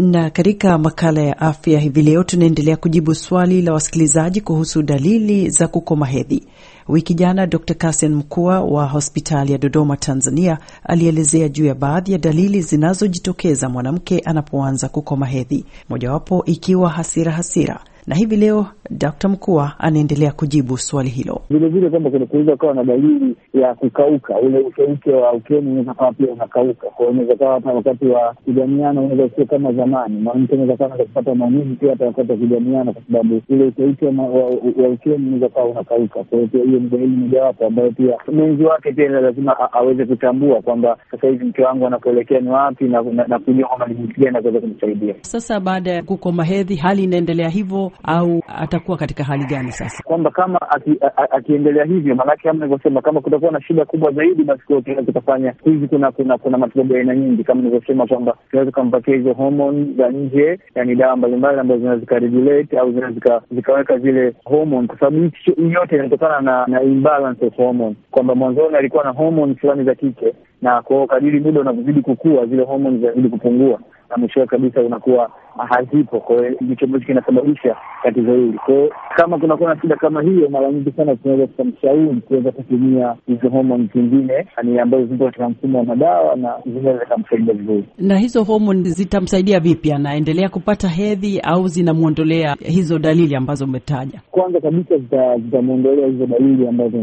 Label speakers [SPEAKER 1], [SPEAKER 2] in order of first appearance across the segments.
[SPEAKER 1] na katika makala ya afya hivi leo tunaendelea kujibu swali la wasikilizaji kuhusu dalili za kukoma hedhi. Wiki jana Dr Kasen Mkua wa hospitali ya Dodoma, Tanzania, alielezea juu ya baadhi ya dalili zinazojitokeza mwanamke anapoanza kukoma hedhi, mojawapo ikiwa hasira hasira, na hivi leo Dkt Mkua anaendelea kujibu swali hilo
[SPEAKER 2] vilevile kwamba kunaweza kuweza ukawa na dalili ya kukauka, ule ucheute wa ukeni unaweza kawa pia unakauka. Kwa hiyo unaweza kawa hata wakati wa kujamiana unaweza usio kama zamani, mwanamke unaweza kawa naza kupata maumivu pia hata wakati wa kujamiana, kwa sababu ule ucheute wa ukeni unaweza kawa unakauka. Kwa hiyo pia hiyo ni dalili mojawapo ambayo pia mwenzi wake pia lazima aweze kutambua kwamba sasa hivi mke wangu anapoelekea ni wapi, na kujua kwamba ni jinsi gani anaweza kumsaidia.
[SPEAKER 1] Sasa baada ya kukoma hedhi, hali inaendelea hivyo au ata atakuwa katika hali gani sasa,
[SPEAKER 2] kwamba kama akiendelea hivyo, maanake kama nilivyosema, kama kutakuwa na shida kubwa zaidi, basi tunaweza tukafanya. hizi kuna kuna kuna matibabu ya aina nyingi, kama nilivyosema kwamba tunaweza tukampatia hizo homoni za nje, yani dawa mbalimbali ambazo zinaweza zikaregulate au zinaweza zikaweka zile homoni, kwa sababu hii yote inatokana na na imbalance of kwamba mwanzoni alikuwa na homoni fulani za kike, na kwao kadiri muda unavyozidi kukua, zile homoni zinazidi kupungua na mwishowe kabisa unakuwa ah, hazipo. Kwa hiyo ndicho ambacho kinasababisha tatizo hili. Kwa hiyo kama kunakuwa na shida kama hiyo, mara nyingi sana tunaweza tukamshauri kuweza kutumia hizo homoni zingine ambazo zipo katika mfumo wa madawa na zinaweza zikamsaidia vizuri.
[SPEAKER 1] Na hizo homoni zitamsaidia vipi? Anaendelea kupata hedhi au zinamwondolea hizo dalili ambazo umetaja? Kwanza kabisa
[SPEAKER 2] zitamwondolea hizo dalili ambazo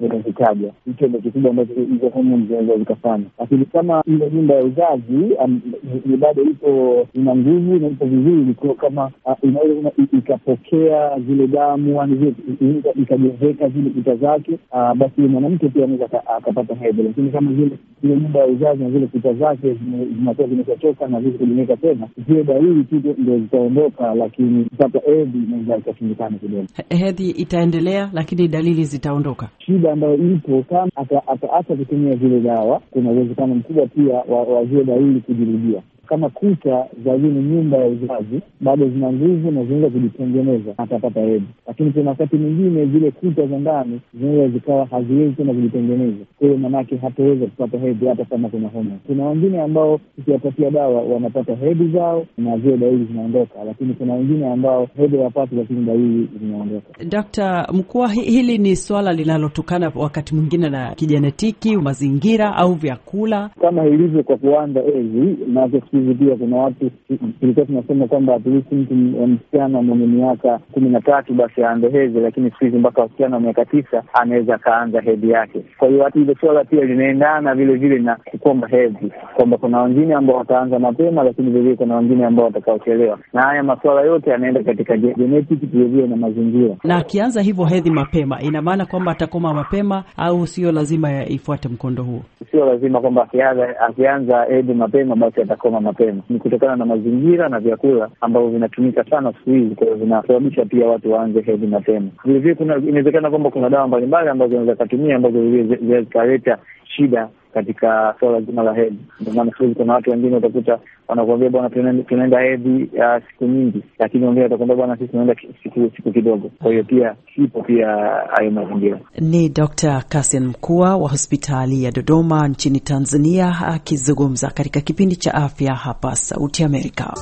[SPEAKER 2] nimezitaja. Hicho ndo kikubwa ambacho hizo homoni zinaweza zikafanya, lakini kama ile nyumba ya uzazi ni bado ipo ina nguvu na ipo vizuri, kwa kama ah, inaweza ikapokea zile damu ikajezeka zile kuta zake, ah, basi mwanamke pia anaweza ah, akapata hedhi. Lakini kama zile zile nyumba ya uzazi na zile kuta zake zinakuwa zimeshachoka na vizi kujengeka tena, zile dalili tu ndo zitaondoka, lakini kupata hedhi inaweza ikashindikana kidogo.
[SPEAKER 1] Hedhi itaendelea, lakini dalili zitaondoka. Shida ambayo ipo kama ataacha kutumia zile
[SPEAKER 2] dawa, kuna uwezekano mkubwa pia wa zile dalili kujirudia kama kuta za hii nyumba ya uzazi bado zina nguvu na zinaweza kujitengeneza, atapata hedhi. Lakini kuna wakati mwingine zile kuta za ndani zinaweza zikawa haziwezi tena kujitengeneza, kwa hiyo manake hataweza kupata hedhi hata kama kuna homa. Kuna wengine ambao ukiwapatia dawa wanapata hedhi zao na zile dalili zinaondoka, lakini kuna wengine ambao hedhi hawapati, lakini dalili zinaondoka.
[SPEAKER 1] Dakta Mkua, hili ni swala linalotokana wakati mwingine na kijenetiki, mazingira au vyakula,
[SPEAKER 2] kama ilivyo kwa kuanda ezi na hivi kuna watu tulikuwa tunasema kwamba haturuhusu mtu eh, msichana mwenye miaka kumi na tatu basi aanze hedhi, lakini siku hizi mpaka wasichana wa miaka tisa anaweza akaanza hedhi yake. Kwa hiyo hata hilo swala pia linaendana vile vile na kukomba hedhi, kwamba kuna wengine ambao wataanza mapema, lakini vilevile kuna wengine ambao watakaochelewa, na haya masuala yote yanaenda katika jenetiki vilevile na mazingira.
[SPEAKER 1] Na akianza hivyo hedhi mapema, ina maana kwamba atakoma mapema, au sio lazima ifuate mkondo huo?
[SPEAKER 2] Sio lazima kwamba akianza hedhi mapema basi atakoma mapema mapema, ni kutokana na mazingira na vyakula ambavyo vinatumika sana siku hizi, kwa hiyo vinasababisha pia watu waanze hedhi mapema. Vilevile kuna inawezekana kwamba kuna dawa mbalimbali ambazo zinaweza katumia ambazo zikaleta shida katika suala zima la hedhi. Ndio maana siku hizi kuna watu wengine utakuta wanakuambia bwana, tunaenda hedhi ya ah, siku nyingi, lakini wengine watakuambia bwana, sisi tunaenda siku siku kidogo. Kwa hiyo pia ipo pia hayo mazingira.
[SPEAKER 1] Ni Dr. kasen Mkua wa hospitali ya Dodoma nchini Tanzania akizungumza katika kipindi cha afya hapa Sauti Amerika.